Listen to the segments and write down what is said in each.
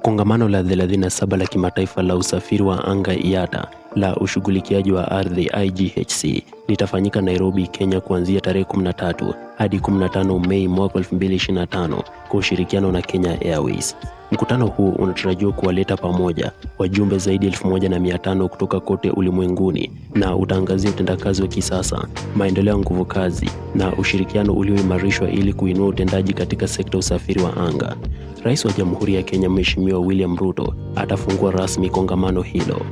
Kongamano la 37 la kimataifa la usafiri wa anga IATA la ushughulikiaji wa ardhi IGHC litafanyika Nairobi, Kenya kuanzia tarehe 13 hadi 15 Mei mwaka 2025 kwa ushirikiano na Kenya Airways. Mkutano huu unatarajiwa kuwaleta pamoja wajumbe zaidi ya 1500 kutoka kote ulimwenguni na utaangazia utendakazi wa kisasa, maendeleo ya nguvu kazi na ushirikiano ulioimarishwa ili kuinua utendaji katika sekta usafiri wa anga. Rais wa Jamhuri ya Kenya Mheshimiwa William Ruto atafungua rasmi kongamano hilo.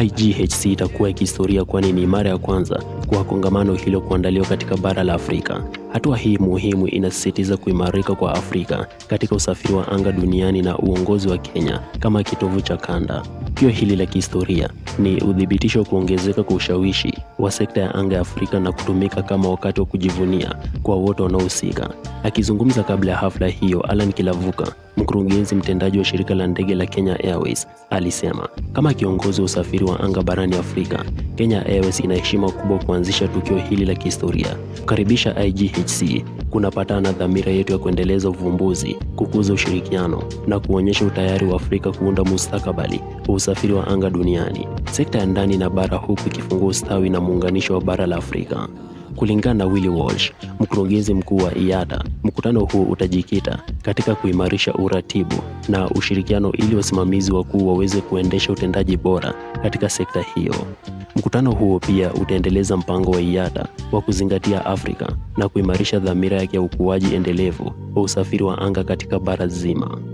IGHC itakuwa ya kihistoria kwani ni mara ya kwanza kwa kongamano hilo kuandaliwa katika bara la Afrika. Hatua hii muhimu inasisitiza kuimarika kwa Afrika katika usafiri wa anga duniani na uongozi wa Kenya kama kitovu cha kanda. Tukio hili la kihistoria ni udhibitisho wa kuongezeka kwa ushawishi wa sekta ya anga ya Afrika na kutumika kama wakati wa kujivunia kwa wote wanaohusika. Akizungumza kabla ya hafla hiyo, Alan Kilavuka, mkurugenzi mtendaji wa shirika la ndege la Kenya Airways, alisema kama kiongozi wa usafiri wa anga barani Afrika, Kenya Airways ina heshima kubwa kuanzisha tukio hili la kihistoria, kukaribisha IGHC kunapatana dhamira yetu ya kuendeleza uvumbuzi, kukuza ushirikiano na kuonyesha utayari wa Afrika kuunda mustakabali wa usafiri wa anga duniani, sekta ya ndani na bara, huku ikifungua ustawi na muunganisho wa bara la Afrika. Kulingana na Willy Walsh, mkurugenzi mkuu wa IATA, mkutano huu utajikita katika kuimarisha uratibu na ushirikiano ili wasimamizi wakuu waweze kuendesha utendaji bora katika sekta hiyo. Mkutano huo pia utaendeleza mpango wa IATA wa kuzingatia Afrika na kuimarisha dhamira yake ya ukuaji endelevu wa usafiri wa anga katika bara zima.